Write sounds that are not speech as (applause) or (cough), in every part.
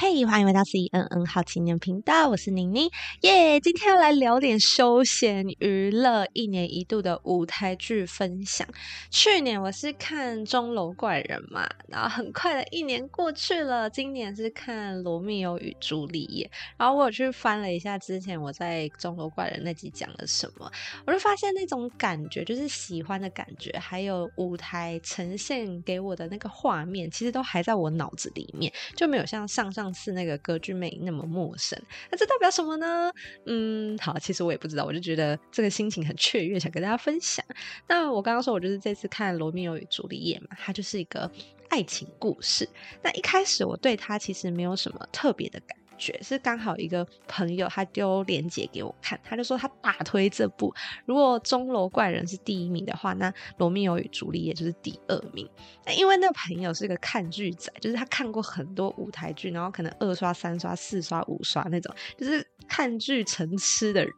嘿、hey，歡迎回到 CNN 好青年頻道，我是寧寧耶。Yeah，今天要來聊點休閒娛樂，一年一度的舞台劇分享。去年我是看《鐘樓怪人》嘛，然後很快的一年過去了，今年是看《羅密歐與朱麗葉》。然後我去翻了一下之前我在《鐘樓怪人》那集講了什麼，我就發現那種感覺就是喜歡的感覺，還有舞台呈現給我的那個畫面，其實都還在我腦子裡面，就沒有像上上。是那個歌劇魅影那麼陌生，那這代表什麼呢？嗯，好，其實我也不知道，我就覺得這個心情很雀躍，想跟大家分享。那我剛剛說，我就是這次看《羅密歐與朱麗葉》嘛，它就是一個愛情故事。那一開始我對他其實沒有什麼特別的感。是剛好一個朋友，他丟鏈接給我看，他就說他大推這部。如果《鐘樓怪人》是第一名的話，那《羅密歐與朱麗葉》就是第二名。那因為那個朋友是個看劇仔，就是他看過很多舞台劇，然後可能二刷、三刷、四刷、五刷那種，就是。看劇成痴的人，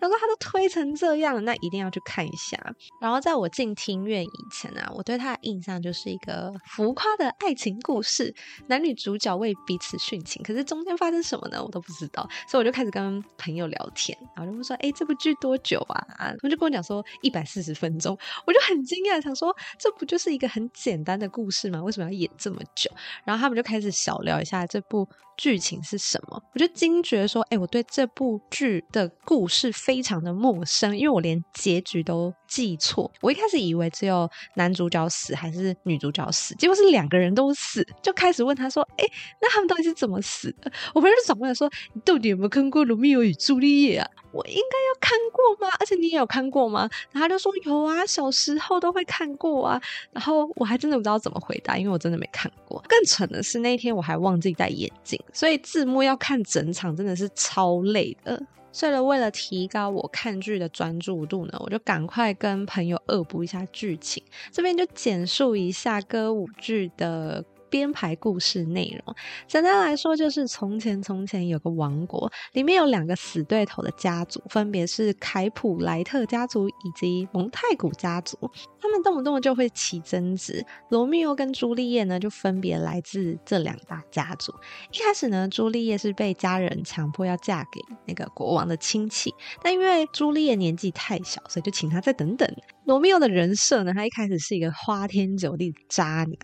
他說他都推成這樣了，那一定要去看一下。然後在我進庭院以前啊，我對他的印象就是一個浮誇的愛情故事，男女主角為彼此殉情，可是中間發生什麼呢？我都不知道，所以我就開始跟朋友聊天，然後就問說：“哎、欸，這部劇多久啊？”他們就跟我講說：“一百四十分鐘。”我就很驚訝，想說：“這不就是一個很簡單的故事嗎？為什麼要演這麼久？”然後他們就開始小聊一下這部劇情是什麼，我就驚覺說：“哎、欸，我對。”這部劇的故事非常的陌生，因為我連結局都記錯，我一開始以為只有男主角死還是女主角死，結果是兩個人都死，就開始問他說：“哎，那他們到底是怎麼死的？”我朋友就轉過來說：“你到底有沒有看過《羅密歐與朱麗葉》啊？我應該要看過嗎？而且你也有看過嗎？”然後他就說：“有啊，小時候都會看過啊。”然後我還真的不知道怎麼回答，因為我真的沒看過。更蠢的是那一天我還忘記戴眼鏡，所以字幕要看整場真的是超累的。所以了，為了提高我看劇的專注度呢，我就趕快跟朋友惡補一下劇情。這邊就簡述一下歌舞劇的。編排故事內容，簡單來說就是：從前，從前有個王國，裡面有兩個死對頭的家族，分別是凱普萊特家族以及蒙太古家族。他們動不動就會起爭執。羅密歐跟朱麗葉呢，就分別來自這兩大家族。一開始呢，朱麗葉是被家人強迫要嫁給那個國王的親戚，但因為朱麗葉年紀太小，所以就請他再等等。羅密歐的人設呢，他一開始是一個花天酒地的渣男，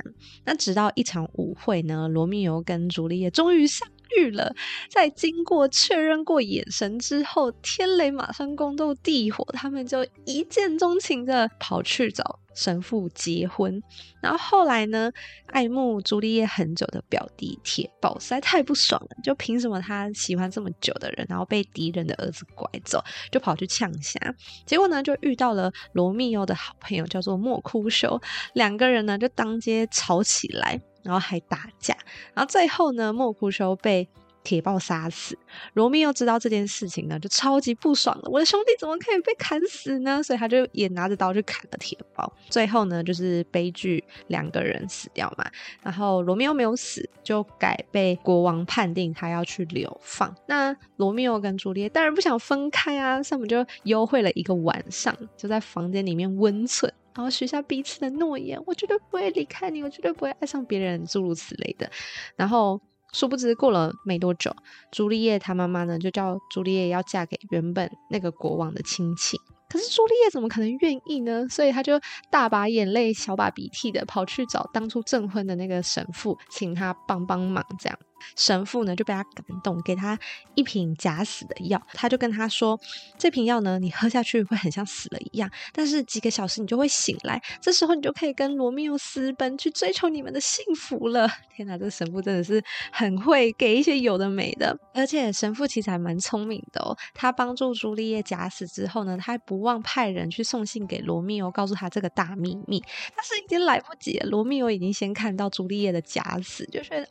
那直到一場舞會呢，羅密歐跟茱麗葉終於相遇了，在經過確認過眼神之後，天雷馬上勾動地火，他們就一見鍾情的跑去找神父結婚。然後後來呢，愛慕朱麗葉很久的表弟鐵豹實在太不爽了，就憑什麼他喜歡這麼久的人，然後被敵人的兒子拐走，就跑去嗆俠。結果呢，就遇到了羅密歐的好朋友叫做莫枯秀，兩個人呢，就當街吵起來。然後還打架，然後最後呢，莫庫修被鐵豹殺死。羅密歐知道這件事情呢，就超級不爽了，我的兄弟怎麼可以被砍死呢？所以他就也拿着刀去砍了鐵豹。最後呢，就是悲劇，兩個人死掉嘛。然後羅密歐沒有死，就改被國王判定他要去流放。那羅密歐跟朱麗葉當然不想分開啊，所以就幽會了一個晚上，就在房間裡面溫存。然後許下彼此的諾言，我絕對不會離開你，我絕對不會愛上別人，諸如此類的。然後，殊不知過了沒多久，朱麗葉她媽媽呢就叫朱麗葉要嫁給原本那個國王的親戚，可是朱麗葉怎麼可能願意呢？所以她就大把眼淚、小把鼻涕的跑去找當初證婚的那個神父，請他幫幫忙，這樣。神父呢就被他感動，給他一瓶假死的藥。他就跟他說：“這瓶藥呢，你喝下去會很像死了一樣，但是幾個小時你就會醒來。這時候你就可以跟羅密歐私奔，去追求你們的幸福了。”天哪，這神父真的是很會給一些有的沒的。而且神父其實還蠻聰明的哦。他幫助朱麗葉假死之後呢，他還不忘派人去送信給羅密歐，告訴他這個大秘密。但是已經來不及了，羅密歐已經先看到朱麗葉的假死，就是……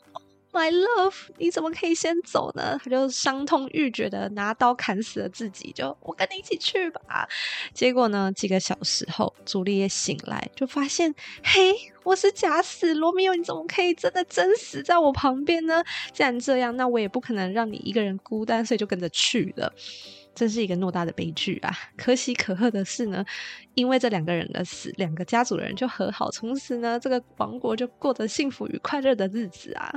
My love，你怎麼可以先走呢？他就傷痛欲絕的拿刀砍死了自己，就我跟你一起去吧。結果呢，幾個小時後，朱麗葉也醒來，就發現，嘿，我是假死。羅密歐，你怎麼可以真的真死在我旁邊呢？既然這樣，那我也不可能讓你一個人孤單，所以就跟着去了。真是一個偌大的悲劇啊！可喜可賀的是呢，因為這兩個人的死，兩個家族的人就和好，從此呢，這個王國就過着幸福與快樂的日子啊。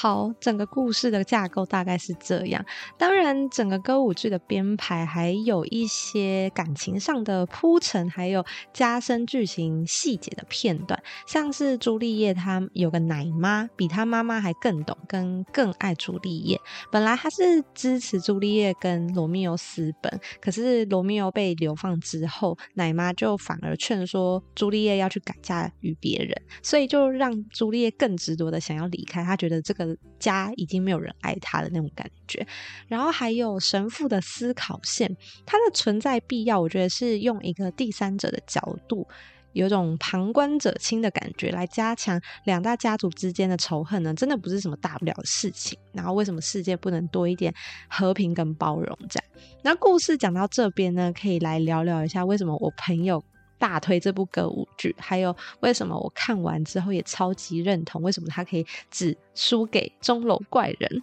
好，整個故事的架構大概是這樣。當然，整個歌舞劇的編排還有一些感情上的鋪陳，還有加深劇情細節的片段，像是茱麗葉她有個奶媽，比她媽媽還更懂、跟更愛茱麗葉。本來她是支持茱麗葉跟羅密歐私奔，可是羅密歐被流放之後，奶媽就反而勸說茱麗葉要去改嫁於別人，所以就讓茱麗葉更執着的想要離開。她覺得這個。家已經沒有人愛他的那種感覺，然後還有神父的思考線，他的存在必要，我覺得是用一個第三者的角度，有種旁觀者清的感覺，來加強兩大家族之間的仇恨呢，真的不是什麼大不了的事情。然後為什麼世界不能多一點和平跟包容？這樣，那故事講到這邊呢，可以來聊聊一下為什麼我朋友。大推這部歌舞劇，還有為什麼我看完之後也超級認同，為什麼他可以只輸給鐘樓怪人。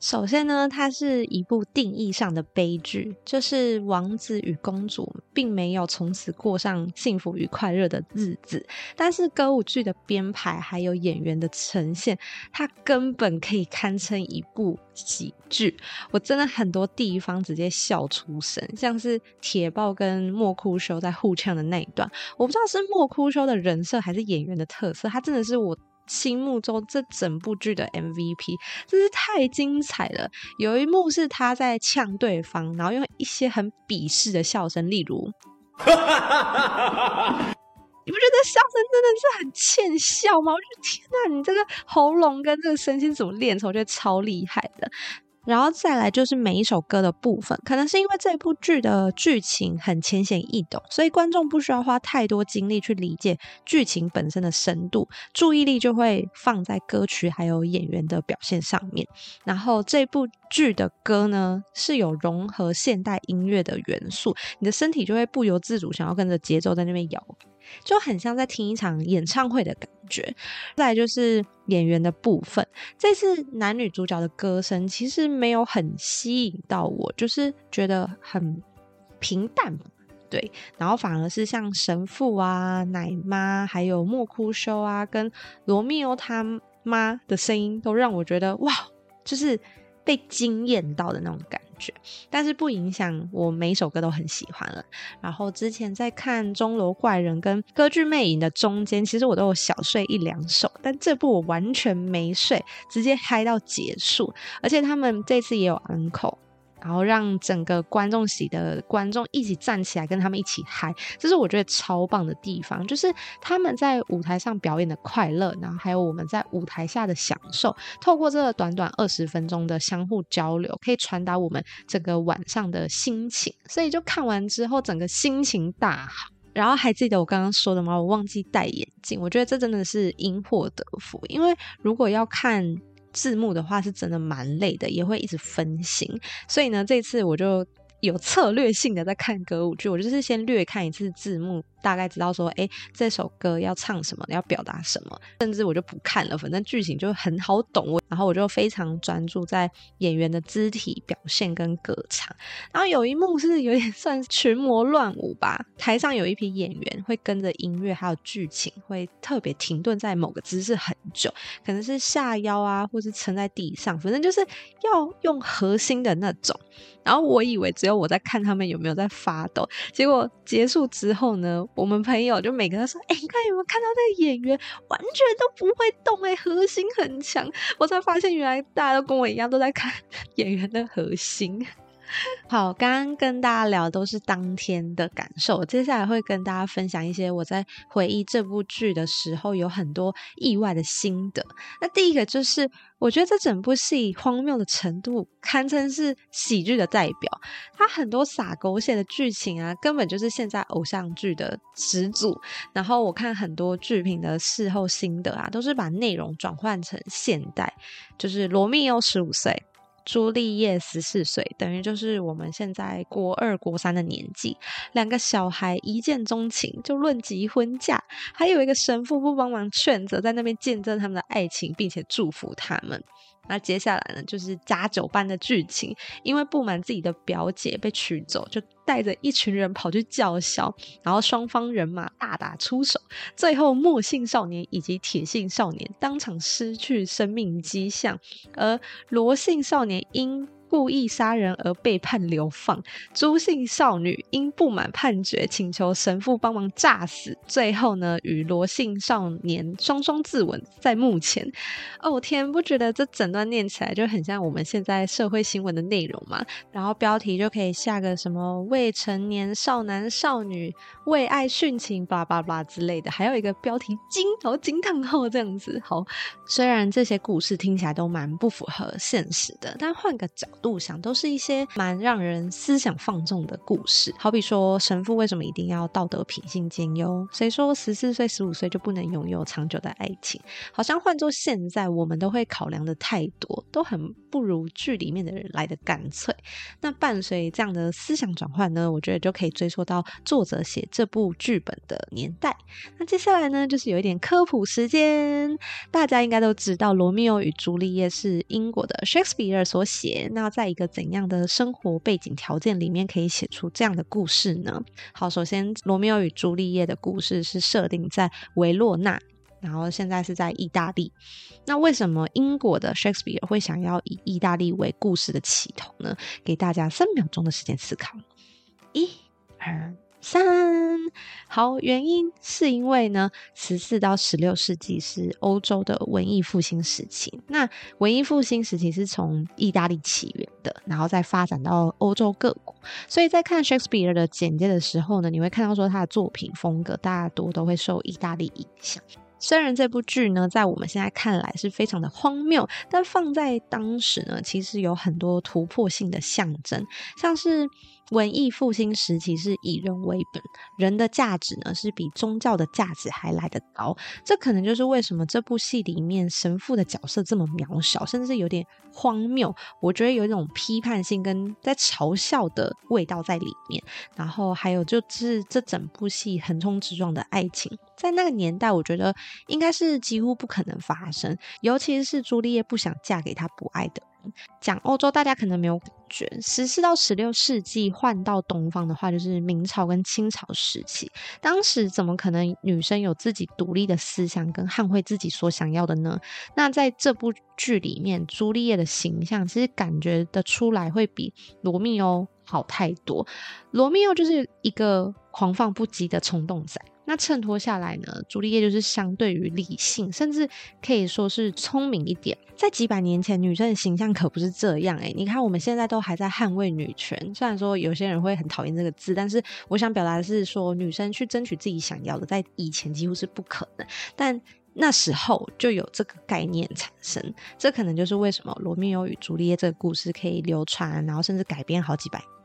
首先呢，它是一部定義上的悲劇，就是王子與公主並沒有從此過上幸福與快樂的日子。但是歌舞劇的編排還有演員的呈現，它根本可以堪稱一部喜劇。我真的很多地方直接笑出聲，像是鐵豹跟莫庫修在互嗆的那一段。我不知道是莫庫修的人設還是演員的特色，他真的是我。心目中這整部劇的 MVP，真是太精彩了。有一幕是他在嗆對方，然後用一些很鄙視的笑聲，例如， (laughs) 你不覺得笑聲真的是很欠笑嗎？我覺得天哪、啊，你這個喉嚨跟這個聲線怎麼練出？我覺得超厲害的。然後再來就是每一首歌的部分，可能是因為這部劇的劇情很淺顯易懂，所以觀眾不需要花太多精力去理解劇情本身的深度，注意力就會放在歌曲還有演員的表現上面。然後這部劇的歌呢，是有融合現代音樂的元素，你的身體就會不由自主想要跟着節奏在那邊搖。就很像在聽一場演唱會的感覺。再來就是演員的部分，這次男女主角的歌聲其實沒有很吸引到我，就是覺得很平淡，對。然後反而是像神父啊、奶媽，還有莫哭修啊，跟羅密歐他媽的聲音，都讓我覺得哇，就是。被驚豔到的那種感覺，但是不影響我每首歌都很喜歡了。然後之前在看《鐘樓怪人》跟《歌劇魅影》的中間，其實我都有小睡一兩首，但這部我完全沒睡，直接嗨到結束。而且他們這次也有安可。然後讓整個觀眾席的觀眾一起站起來跟他們一起嗨，這是我覺得超棒的地方。就是他們在舞台上表演的快樂，然後還有我們在舞台下的享受，透過這短短二十分鐘的相互交流，可以傳達我們整個晚上的心情。所以就看完之後，整個心情大好。然後還記得我剛剛說的嗎？我忘記戴眼鏡，我覺得這真的是因禍得福，因為如果要看字幕的話是真的蠻累的，也會一直分心，所以呢，這次我就有策略性的在看歌舞劇，我就是先略看一次字幕。大概知道說，哎、欸，這首歌要唱什麼，要表達什麼，甚至我就不看了，反正劇情就很好懂。我然後我就非常專注在演員的肢體表現跟歌唱。然後有一幕是有點算群魔亂舞吧，台上有一批演員會跟着音樂還有劇情，會特別停頓在某個姿勢很久，可能是下腰啊，或是撐在地上，反正就是要用核心的那種。然後我以為只有我在看他們有沒有在發抖，結果結束之後呢？我們朋友就每個人說：“哎，欸，你看有沒有看到那個演員完全都不會動，欸？哎，核心很強。”我才發現原來大家都跟我一樣都在看演員的核心。好，剛剛跟大家聊的都是當天的感受，接下來會跟大家分享一些我在回憶這部劇的時候有很多意外的心得。那第一個就是，我覺得這整部戲荒謬的程度堪稱是喜劇的代表，它很多撒狗血的劇情啊，根本就是現在偶像劇的始祖。然後我看很多劇評的事後心得啊，都是把內容轉換成現代，就是羅密歐十五歲。茱麗葉十四歲，等於就是我們現在國二、國三的年紀。兩個小孩一見鍾情，就論及婚嫁，還有一個神父不幫忙勸責，在那邊見證他們的愛情，並且祝福他們。那接下來呢，就是家酒般的劇情，因為不滿自己的表姐被娶走，就帶着一群人跑去叫囂，然後雙方人馬大打出手，最後墨姓少年以及鐵姓少年當場失去生命跡象，而羅姓少年因故意殺人而被判流放，朱姓少女因不滿判決，請求神父幫忙詐死，最後呢，與羅姓少年雙雙自刎在墓前。哦，我天，不覺得這整段念起來就很像我們現在社會新聞的內容嗎？然後標題就可以下個什麼未成年少男少女為愛殉情 blah blah blah blah，巴巴巴之類的。還有一個標題驚嘆號驚嘆號這樣子。好，雖然這些故事聽起來都蠻不符合現實的，但換個角。路上都是一些蠻讓人思想放縱的故事，好比說神父為什麼一定要道德品性兼優？誰說十四歲、十五歲就不能擁有長久的愛情？好像換作現在，我們都會考量的太多，都很不如劇裡面的人來的乾脆。那伴隨這樣的思想轉換呢，我覺得就可以追溯到作者寫這部劇本的年代。那接下來呢，就是有一點科普時間，大家應該都知道《羅密歐與朱麗葉》是英國的 Shakespeare 所寫，那。在一個怎樣的生活背景條件裡面可以寫出這樣的故事呢？好，首先《羅密歐與朱麗葉》的故事是設定在維洛納，然後現在是在意大利。那為什麼英國的 Shakespeare 會想要以意大利為故事的起頭呢？給大家三秒鐘的時間思考，一、二。三。好，原因是因為呢，十四到十六世紀是歐洲的文藝復興時期。那文藝復興時期是從意大利起源的，然後再發展到歐洲各國。所以在看 Shakespeare 的簡介的時候呢，你會看到說他的作品風格大多都會受意大利影響。雖然這部劇呢，在我們現在看來是非常的荒謬，但放在當時呢，其實有很多突破性的象徵，像是文藝復興時期是以人為本，人的價值呢，是比宗教的價值還來得高。這可能就是為什麼這部戲裡面神父的角色這麼渺小，甚至有點荒謬。我覺得有一種批判性跟在嘲笑的味道在裡面。然後還有就是這整部戲橫衝直撞的愛情。在那個年代，我覺得應該是幾乎不可能發生，尤其是茱麗葉不想嫁給他不愛的人。講歐洲，大家可能沒有感覺；十四到十六世紀換到東方的話，就是明朝跟清朝時期。當時怎麼可能女生有自己獨立的思想跟捍衛自己所想要的呢？那在這部劇裡面，茱麗葉的形象其實感覺得出來會比羅密歐好太多。羅密歐就是一個狂放不羈的衝動仔。那襯托下來呢，茱麗葉就是相對於理性，甚至可以說是聰明一點。在幾百年前，女生的形象可不是這樣哎、欸。你看我們現在都還在捍衛女權，雖然說有些人會很討厭這個字，但是我想表達的是說，女生去爭取自己想要的，在以前幾乎是不可能，但那時候就有這個概念產生。這可能就是為什麼《羅密歐與茱麗葉》這個故事可以流傳，然後甚至改編好幾百年。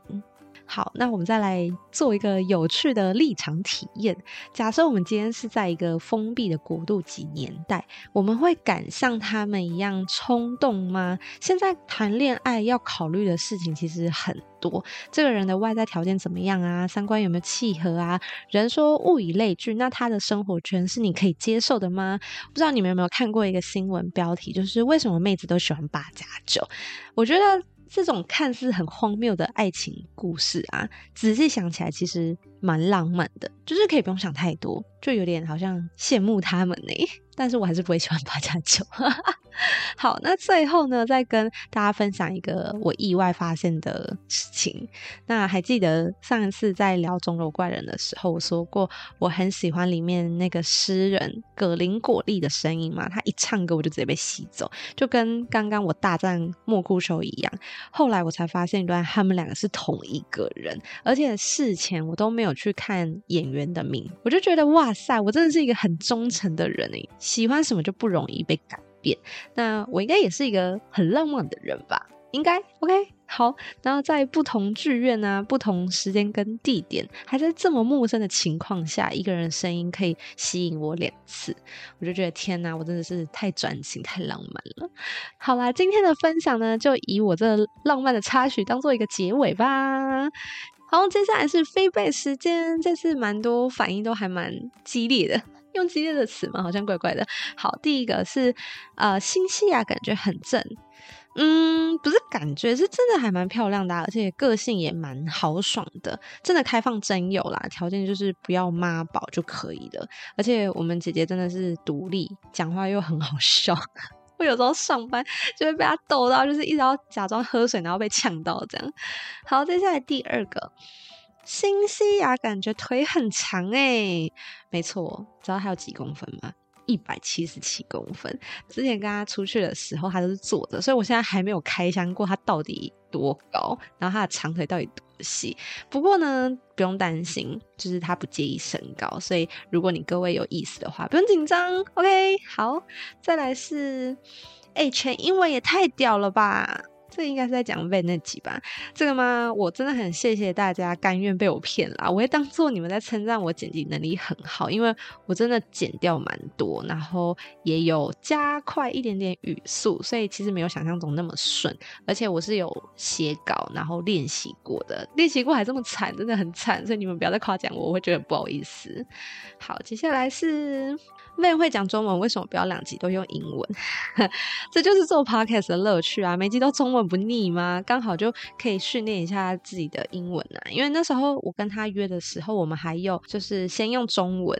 好，那我們再來做一個有趣的立場體驗。假設我們今天是在一個封閉的國度及年代，我們會敢像他們一樣衝動嗎？現在談戀愛要考慮的事情其實很多，這個人的外在條件怎麼樣啊？三觀有沒有契合啊？人說物以類聚，那他的生活圈是你可以接受的嗎？不知道你們有沒有看過一個新聞標題，就是為什麼妹子都喜歡八加九？我覺得。這種看似很荒謬的愛情故事啊，仔細想起來其實蠻浪漫的，就是可以不用想太多，就有點好像羨慕他們呢、欸。但是我還是不會喜歡八家酒。 (laughs) 好，那最後呢，再跟大家分享一個我意外發現的事情。那還記得上一次在聊《鐘樓怪人》的時候，我說過我很喜歡裡面那個詩人葛林果粒的聲音嘛？他一唱歌我就直接被吸走，就跟剛剛我大戰莫枯修一樣。後來我才發現，原來他們兩個是同一個人，而且事前我都沒有去看演員的名，我就覺得哇塞，我真的是一個很忠誠的人哎、欸。喜歡什麼就不容易被改變。那我應該也是一個很浪漫的人吧？應該 OK。好，然後在不同劇院呢、啊、不同時間跟地點，還在這麼陌生的情況下，一個人的聲音可以吸引我兩次，我就覺得天吶，我真的是太專情、太浪漫了。好啦，今天的分享呢，就以我這浪漫的插曲當做一個結尾吧。好，接下來是 feedback 時間，這次蠻多反應都還蠻激烈的。用激烈的詞嗎？好像怪怪的。好，第一個是，呃，心細啊，感覺很正。嗯，不是感覺，是真的，還蠻漂亮的啊，而且個性也蠻豪爽的，真的開放真有啦。條件就是不要媽寶就可以的。而且我們姐姐真的是獨立，講話又很好笑。 (laughs) 我有時候上班就會被她逗到，就是一直要假裝喝水，然後被嗆到這樣。好，接下來第二個。新西亞感覺腿很長哎、欸，沒錯，知道他有幾公分嗎？一百七十七公分。之前跟他出去的時候，他都是坐着，所以我現在還沒有開箱過他到底多高，然後他的長腿到底多細。不過呢，不用擔心，就是他不介意身高，所以如果你各位有意思的話，不用緊張。OK，好，再來是哎、欸，全英文也太屌了吧！這應該是在講 V 那集吧？這個嗎？我真的很謝謝大家甘願被我騙啦，我會當做你們在稱讚我剪輯能力很好，因為我真的剪掉蠻多，然後也有加快一點點語速，所以其實沒有想象中那麼順。而且我是有寫稿然後練習過的，練習過還這麼慘，真的很慘，所以你們不要再誇獎我，我會覺得不好意思。好，接下來是 V 會講中文，為什麼不要兩集都用英文？ (laughs) 這就是做 Podcast 的樂趣啊！每集都中文。不膩嗎？剛好就可以訓練一下自己的英文啊，因為那時候我跟他約的時候，我們還有就是先用中文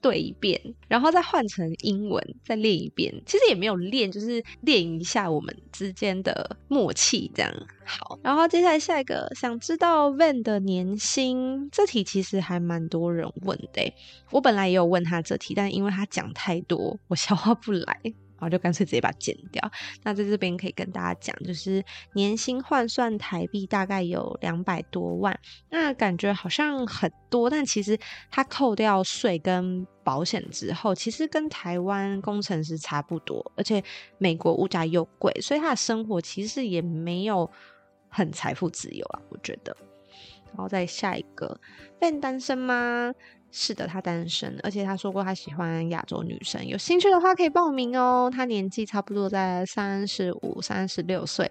對一遍，然後再換成英文再練一遍。其實也沒有練，就是練一下我們之間的默契這樣。好，然後接下來下一個，想知道 Van 的年薪？這題其實還蠻多人問的欸。我本來也有問他這題，但因為他講太多，我消化不來。然後就乾脆直接把它剪掉。那在這邊可以跟大家講，就是年薪換算台幣大概有兩百多萬，那感覺好像很多，但其實他扣掉稅跟保險之後，其實跟台灣工程師差不多。而且美國物價又貴，所以他的生活其實也沒有很財富自由啊。我覺得。然後再下一個，變單身嗎？是的，他單身，而且他說過他喜歡亞洲女生。有興趣的話可以報名哦。他年紀差不多在三十五、三十六歲，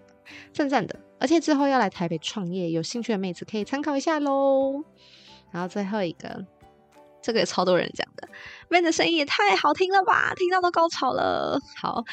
正正的。而且之後要來台北創業，有興趣的妹子可以參考一下嘍。然後最後一個，這個也超多人講的。Van 的聲音也太好聽了吧，聽到都高潮了。好，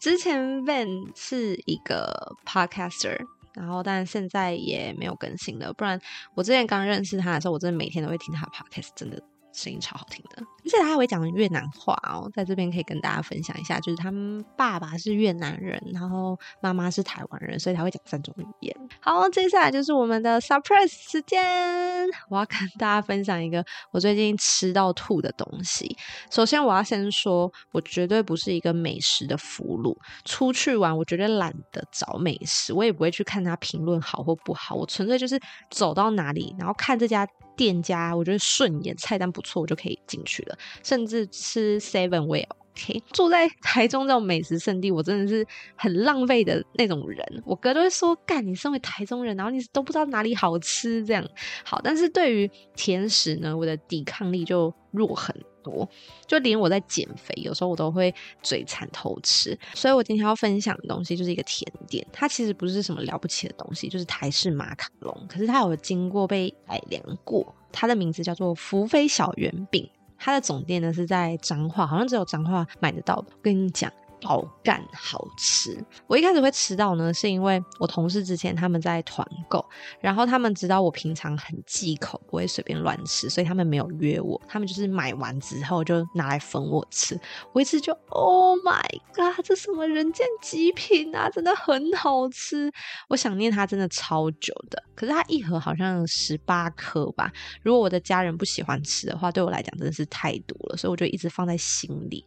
之前 Van 是一個 Podcaster，然後但現在也沒有更新了。不然我之前剛認識他的時候，我真的每天都會聽他的 Podcast，真的。聲音超好聽的，而且他還會講越南話哦，在這邊可以跟大家分享一下，就是他們爸爸是越南人，然後媽媽是台灣人，所以他會講三種語言。好，接下來就是我們的 surprise 時間，我要跟大家分享一個我最近吃到吐的東西。首先，我要先說，我絕對不是一個美食的俘虜，出去玩我絕對懶得找美食，我也不會去看他評論好或不好，我純粹就是走到哪裡，然後看這家。店家我覺得順眼，菜單不錯，我就可以進去了。甚至吃 Sevenway，OK、okay。住在台中這種美食聖地，我真的是很浪費的那種人。我哥都會說：“幹，你身為台中人，然後你都不知道哪裡好吃，這樣好。”但是對於甜食呢，我的抵抗力就弱很多，就連我在減肥，有時候我都會嘴饞偷吃。所以我今天要分享的東西就是一個甜點，它其實不是什麼了不起的東西，就是台式馬卡龍。可是它有經過被改良過，它的名字叫做福飛小圓餅。它的總店呢是在彰化，好像只有彰化買得到的，我跟你講。好乾好吃，我一開始會吃到呢，是因為我同事之前他們在團購，然後他們知道我平常很忌口，不會隨便亂吃，所以他們沒有約我，他們就是買完之後就拿來分我吃。我一吃就，Oh my god，這什麼人間極品啊！真的很好吃。我想念它真的超久的，可是它一盒好像十八顆吧。如果我的家人不喜歡吃的話，對我來講真的是太多了，所以我就一直放在心裡。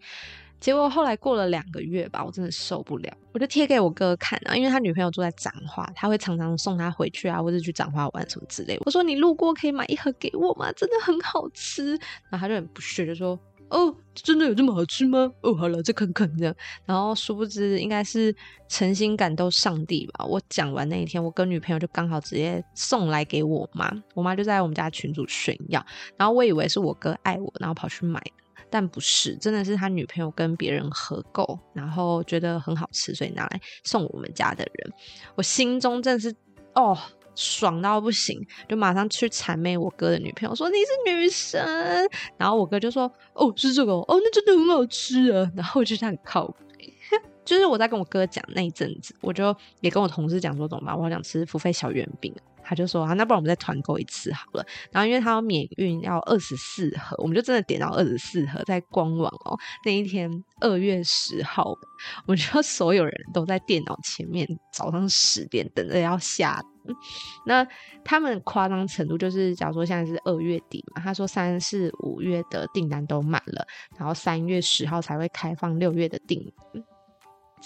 結果後來過了兩個月吧，我真的受不了，我就貼給我哥看啊，因為他女朋友住在彰化，他會常常送他回去啊，或者去彰化玩什麼之類。我說，你路過可以買一盒給我嗎？真的很好吃。然後他就很不屑的說：“哦，真的有這麼好吃嗎？”哦，好了，再看看的。然後殊不知應該是誠心感動上帝吧。我講完那一天，我跟女朋友就剛好直接送來給我媽，我媽就在我們家群組炫耀。然後我以為是我哥愛我，然後跑去買但不是，真的是他女朋友跟別人合購，然後覺得很好吃，所以拿來送我們家的人。我心中真的是哦，爽到不行，就馬上去諂媚我哥的女朋友說，說你是女神。然後我哥就說：“哦，是這個哦，那真的很好吃啊。”然後我就這樣靠就是我在跟我哥講那一陣子，我就也跟我同事講說，怎麼辦，我好想吃福飛小圓餅，他就說啊，那不然我們再團購一次好了。然後因為他免運要免運，要二十四盒，我們就真的點到二十四盒在官網哦、喔。那一天二月十號，我們就所有人都在電腦前面，早上十點等着要下。那他們誇張程度就是，假如說現在是二月底嘛，他說三四五月的訂單都滿了，然後三月十號才會開放六月的訂。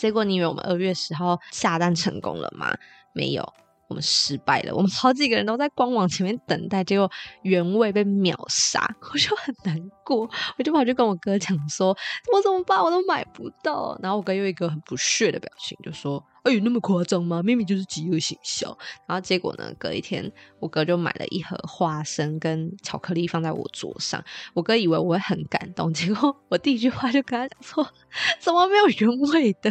結果你以為我們二月十號下單成功了嗎？沒有，我們失敗了。我們好幾個人都在官網前面等待，結果原味被秒殺，我就很難過。我就跑去跟我哥講說：“我怎麼辦？我都買不到。”然後我哥用一個很不屑的表情，就說：“哎，有那麼誇張嗎？明明就是飢餓行銷。”然後結果呢，隔一天，我哥就買了一盒花生跟巧克力放在我桌上。我哥以為我會很感動，結果我第一句話就跟他講說，怎麼沒有原味的？”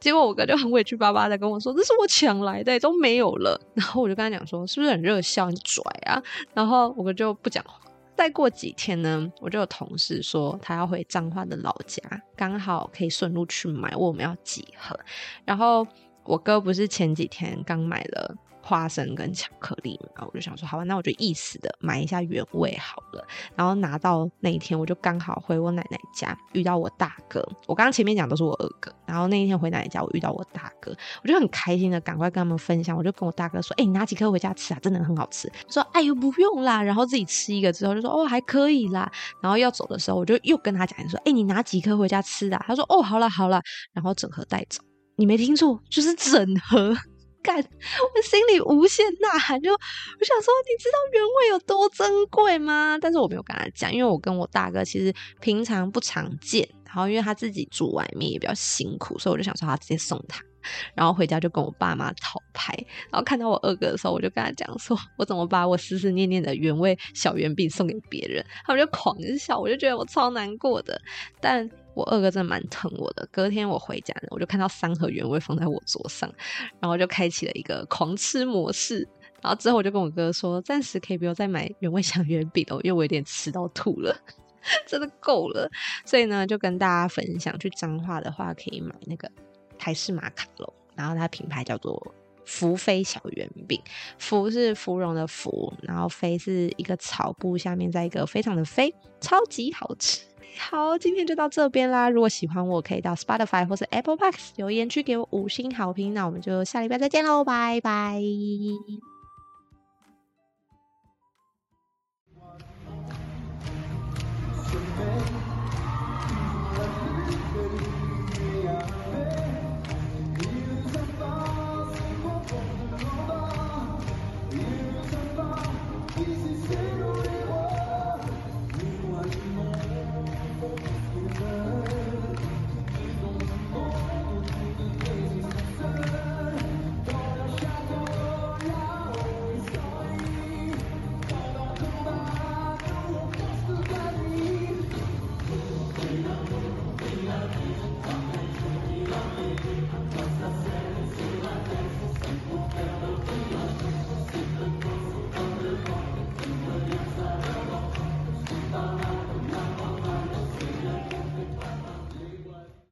結果我哥就很委屈巴巴的跟我說：“這是我搶來的、欸，都沒有了。”然後我就跟他講說：“是不是很熱笑？你拽啊！”然後我哥就不講話。再過幾天呢，我就有同事說他要回彰化的老家，剛好可以順路去買，問我們要幾盒。然後我哥不是前幾天剛買了。花生跟巧克力嘛，然後我就想說，好吧，那我就意思的買一下原味好了。然後拿到那一天，我就剛好回我奶奶家，遇到我大哥。我剛剛前面講的是我二哥，然後那一天回奶奶家，我遇到我大哥，我就很開心的趕快跟他們分享。我就跟我大哥說：“欸，你拿幾顆回家吃啊，真的很好吃。”說：“哎呦，不用啦。”然後自己吃一個之後就說：“哦，還可以啦。”然後要走的時候，我就又跟他講說：“欸，你拿幾顆回家吃啊？”他說：“哦，好了好了。”然後整盒帶走。你沒聽錯，就是整盒。幹，我心裡無限吶喊，就我想說，你知道原味有多珍貴嗎？但是我沒有跟他講，因為我跟我大哥其實平常不常見，然後因為他自己住外面也比較辛苦，所以我就想說，他直接送他，然後回家就跟我爸媽討拍，然後看到我二哥的時候，我就跟他講說，我怎麼把我思思念念的原味小圓餅送給別人，他們就狂笑，我就覺得我超難過的，但。我二哥真的蠻疼我的。隔天我回家呢，我就看到三盒原味放在我桌上，然後就開啟了一個狂吃模式。然後之後我就跟我哥哥說，暫時可以不要再買原味小圓餅了哦，因為我有點吃到吐了，真的夠了。所以呢，就跟大家分享，去彰化的話可以買那個台式馬卡龍，然後它的品牌叫做福飛小圓餅，福是芙蓉的福，然後飛是一個草布下面再一個非常的飛，超級好吃。好，今天就到這邊啦。如果喜歡我，可以到 Spotify 或者 Apple Podcast 留言區給我五星好評。那我們就下禮拜再見嘍，拜拜。